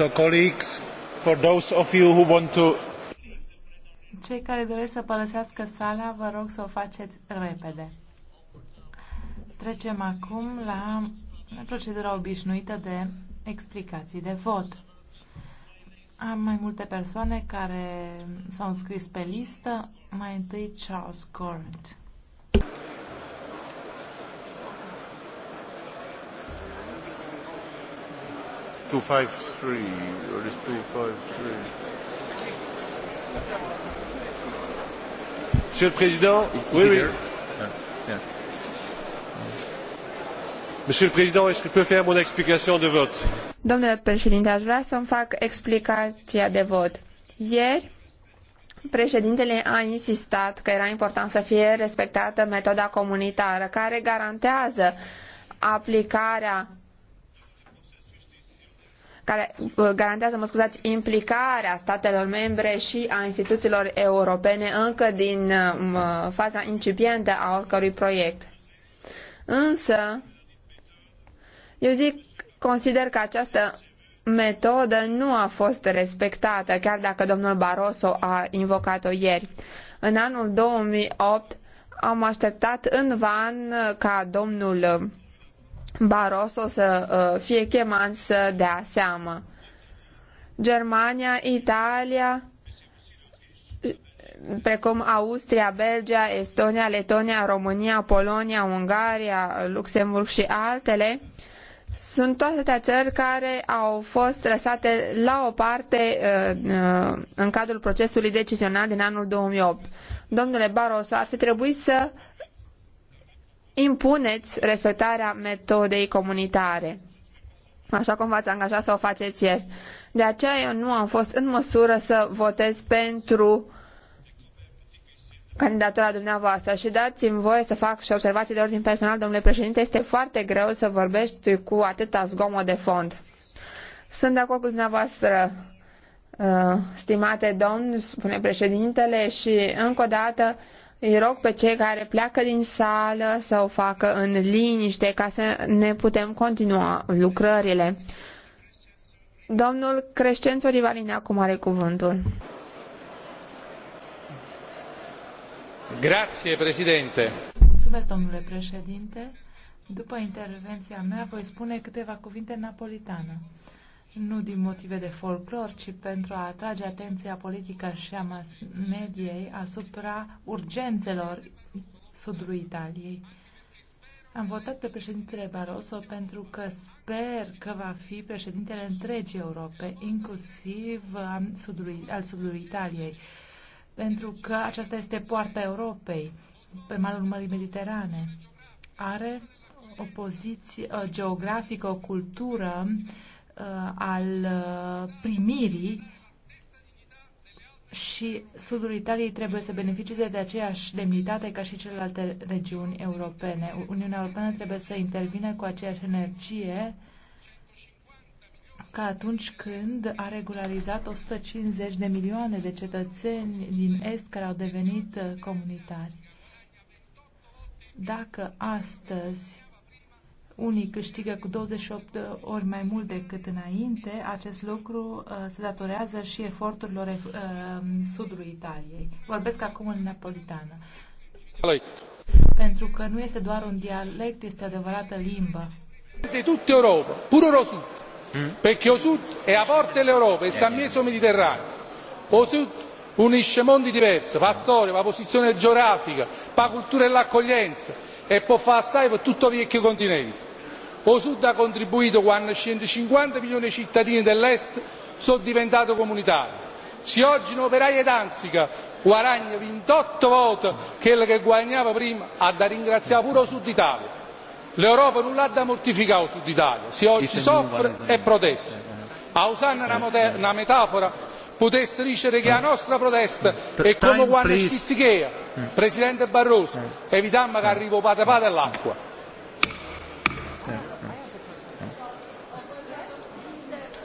So, colleagues, for those of you who want to... Cei care doresc să părăsească sala, vă rog să o faceți repede. Trecem acum la procedura obișnuită de explicații de vot. Am mai multe persoane care s-au înscris pe listă. Mai întâi Charles Gort. Monsieur le Président, oui, oui. Ah, Monsieur le Président, est-ce que je peux faire mon explication de vote? Domnule președinte, aș vrea să-mi fac explicația de vot. Ieri, Președintele a insistat că era important să fie respectată metoda comunitară care garantează aplicarea care uh, garantează, mă scuzați, implicarea statelor membre și a instituțiilor europene încă din uh, faza incipientă a oricărui proiect. Însă, eu zic, consider că această metodă nu a fost respectată, chiar dacă domnul Barroso a invocat-o ieri. În anul 2008 am așteptat în van ca domnul Barroso să uh, fie chemat să dea seamă. Germania, Italia, precum Austria, Belgia, Estonia, Letonia, România, Polonia, Ungaria, Luxemburg și altele, sunt toate țări care au fost lăsate la o parte uh, uh, în cadrul procesului decizional din anul 2008. Domnule Barroso, ar fi trebuit să impuneți respectarea metodei comunitare așa cum v-ați angajat să o faceți ieri. De aceea eu nu am fost în măsură să votez pentru candidatura dumneavoastră și dați-mi voie să fac și observații de ordin personal, domnule președinte, este foarte greu să vorbești cu atâta zgomot de fond. Sunt de acord cu dumneavoastră, uh, stimate domn, spune președintele, și încă o dată îi rog pe cei care pleacă din sală să o facă în liniște ca să ne putem continua lucrările. Domnul Crescențo Rivalini acum are cuvântul. Grazie, președinte. Mulțumesc, domnule președinte. După intervenția mea voi spune câteva cuvinte napolitană nu din motive de folclor, ci pentru a atrage atenția politică și a mass mediei asupra urgențelor sudului Italiei. Am votat pe președintele Barroso pentru că sper că va fi președintele întregii Europe, inclusiv al sudului, al sudului Italiei, pentru că aceasta este poarta Europei, pe malul Mării Mediterane. Are o poziție uh, geografică, o cultură uh, Uh, al uh, primirii și sudul Italiei trebuie să beneficieze de aceeași demnitate ca și celelalte regiuni europene. Uniunea Europeană trebuie să intervine cu aceeași energie ca atunci când a regularizat 150 de milioane de cetățeni din Est care au devenit uh, comunitari. Dacă astăzi unii câștigă cu 28 ori mai mult decât înainte, acest lucru uh, se datorează și eforturilor uh, sudului Italiei. Vorbesc acum în napolitană. Pentru că nu este doar un dialect, este adevărată limbă. De tot Europa, pur o sud, mm. perché o sud è a porte l'Europa e sta a eh. mezzo Mediterraneo. O sud unisce mondi diversi, fa storia, fa posizione geografica, fa cultura e l'accoglienza e può fare assai per tutto il vecchio continente o Sud ha contribuito quando centocinquanta milioni di cittadini dell'Est sono diventati comunitari. Se oggi un operaio di Danzica guadagna 28 volte quello che guadagnava prima, ha da ringraziare pure il Sud Italia. L'Europa nulla l'ha da mortificare il Sud Italia, se oggi soffre e protesta. A usare una metafora, potesse dicere che la mm. nostra protesta mm. è come quando schizzichea, mm. presidente Barroso, evitammo che arriva o patapata all'acqua.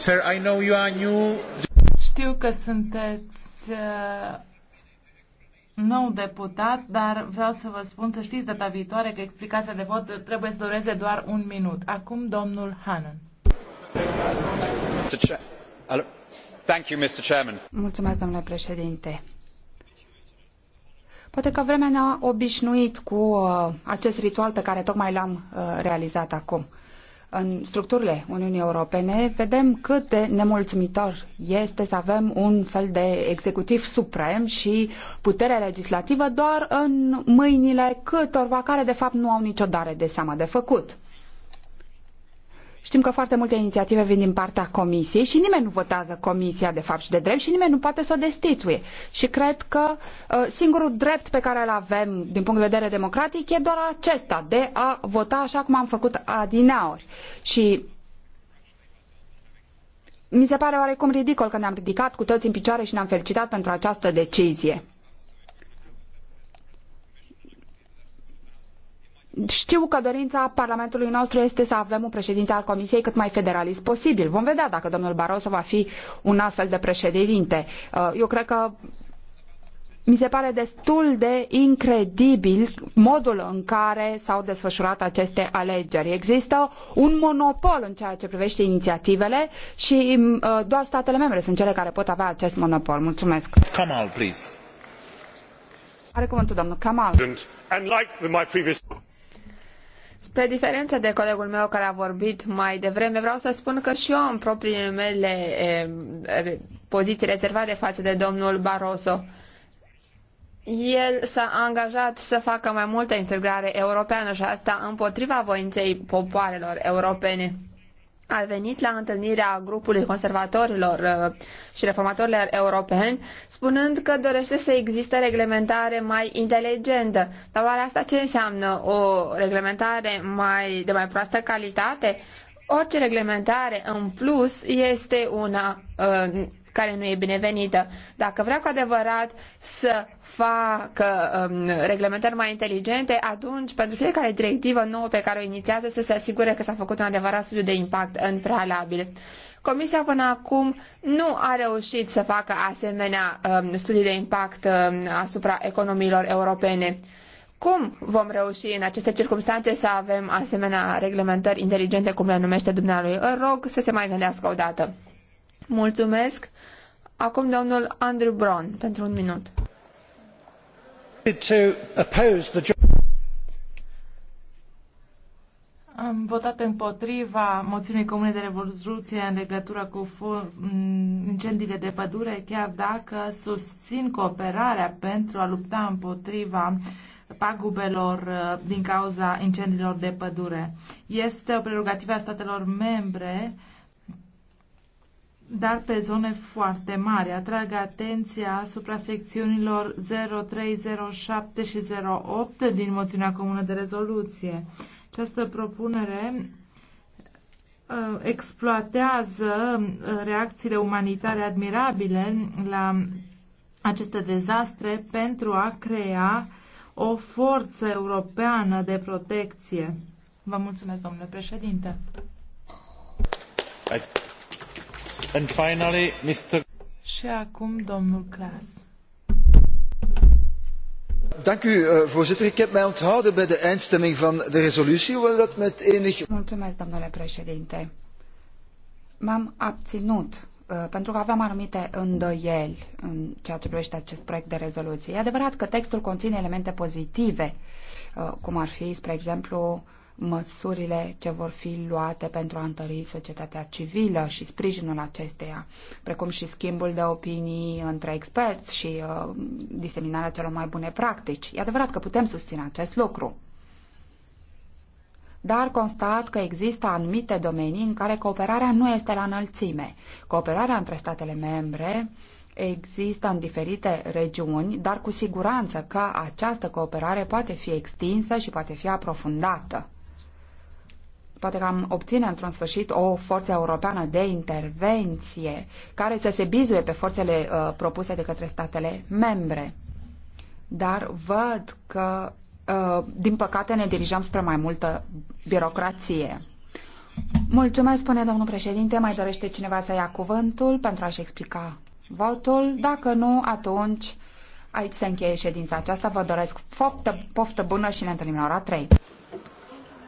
Sir, I know you are new. Știu că sunteți uh, nou deputat, dar vreau să vă spun să știți data viitoare că explicația de vot trebuie să dureze doar un minut. Acum domnul Hannan. Thank you, Mr. Chairman. Mulțumesc, domnule președinte. Poate că vremea ne-a obișnuit cu uh, acest ritual pe care tocmai l-am uh, realizat acum în structurile Uniunii Europene, vedem cât de nemulțumitor este să avem un fel de executiv suprem și puterea legislativă doar în mâinile câtorva care de fapt nu au nicio dare de seamă de făcut. Știm că foarte multe inițiative vin din partea comisiei și nimeni nu votează comisia de fapt și de drept și nimeni nu poate să o destituie. Și cred că uh, singurul drept pe care îl avem din punct de vedere democratic e doar acesta, de a vota așa cum am făcut adineaori. Și mi se pare oarecum ridicol că ne-am ridicat cu toți în picioare și ne-am felicitat pentru această decizie. Știu că dorința Parlamentului nostru este să avem un președinte al Comisiei cât mai federalist posibil. Vom vedea dacă domnul Barroso va fi un astfel de președinte. Uh, eu cred că mi se pare destul de incredibil modul în care s-au desfășurat aceste alegeri. Există un monopol în ceea ce privește inițiativele și mm, uh, doar statele membre sunt cele care pot avea acest monopol. Mulțumesc. Kamal, please. Are cuvântul domnul Kamal. Spre diferență de colegul meu care a vorbit mai devreme, vreau să spun că și eu am propriile mele e, poziții rezervate față de domnul Barroso. El s-a angajat să facă mai multă integrare europeană și asta împotriva voinței popoarelor europene a venit la întâlnirea grupului conservatorilor uh, și reformatorilor europeni, spunând că dorește să existe reglementare mai inteligentă. Dar oare asta ce înseamnă? O reglementare mai, de mai proastă calitate? Orice reglementare în plus este una uh, care nu e binevenită. Dacă vrea cu adevărat să facă um, reglementări mai inteligente, atunci pentru fiecare directivă nouă pe care o inițiază să se asigure că s-a făcut un adevărat studiu de impact în prealabil. Comisia până acum nu a reușit să facă asemenea um, studii de impact um, asupra economiilor europene. Cum vom reuși în aceste circunstanțe să avem asemenea reglementări inteligente, cum le numește dumnealui? Îl rog să se mai gândească o dată. Mulțumesc. Acum domnul Andrew Brown pentru un minut. Am votat împotriva moțiunii comune de rezoluție în legătură cu incendiile de pădure, chiar dacă susțin cooperarea pentru a lupta împotriva pagubelor uh, din cauza incendiilor de pădure. Este o prerogativă a statelor membre dar pe zone foarte mari. Atrag atenția asupra secțiunilor 0307 și 08 din moțiunea comună de rezoluție. Această propunere uh, exploatează uh, reacțiile umanitare admirabile la aceste dezastre pentru a crea o forță europeană de protecție. Vă mulțumesc, domnule președinte. Hai. Și acum domnul Klaas. Dank u, eh, voorzitter. Ik heb mij onthouden bij de eindstemming van de resolutie, hoewel dat met enig... Mulțumesc, domnule președinte. M-am abținut eh, pentru că aveam anumite îndoieli în ceea ce privește acest proiect de rezoluție. E adevărat că textul conține elemente pozitive, eh, cum ar fi, spre exemplu, măsurile ce vor fi luate pentru a întări societatea civilă și sprijinul acesteia, precum și schimbul de opinii între experți și uh, diseminarea celor mai bune practici. E adevărat că putem susține acest lucru. Dar constat că există anumite domenii în care cooperarea nu este la înălțime. Cooperarea între statele membre există în diferite regiuni, dar cu siguranță că această cooperare poate fi extinsă și poate fi aprofundată poate că am obține într-un sfârșit o forță europeană de intervenție care să se bizuie pe forțele uh, propuse de către statele membre. Dar văd că, uh, din păcate, ne dirijăm spre mai multă birocrație. Mulțumesc, spune domnul președinte. Mai dorește cineva să ia cuvântul pentru a-și explica votul? Dacă nu, atunci aici se încheie ședința aceasta. Vă doresc poftă, poftă bună și ne întâlnim la ora 3.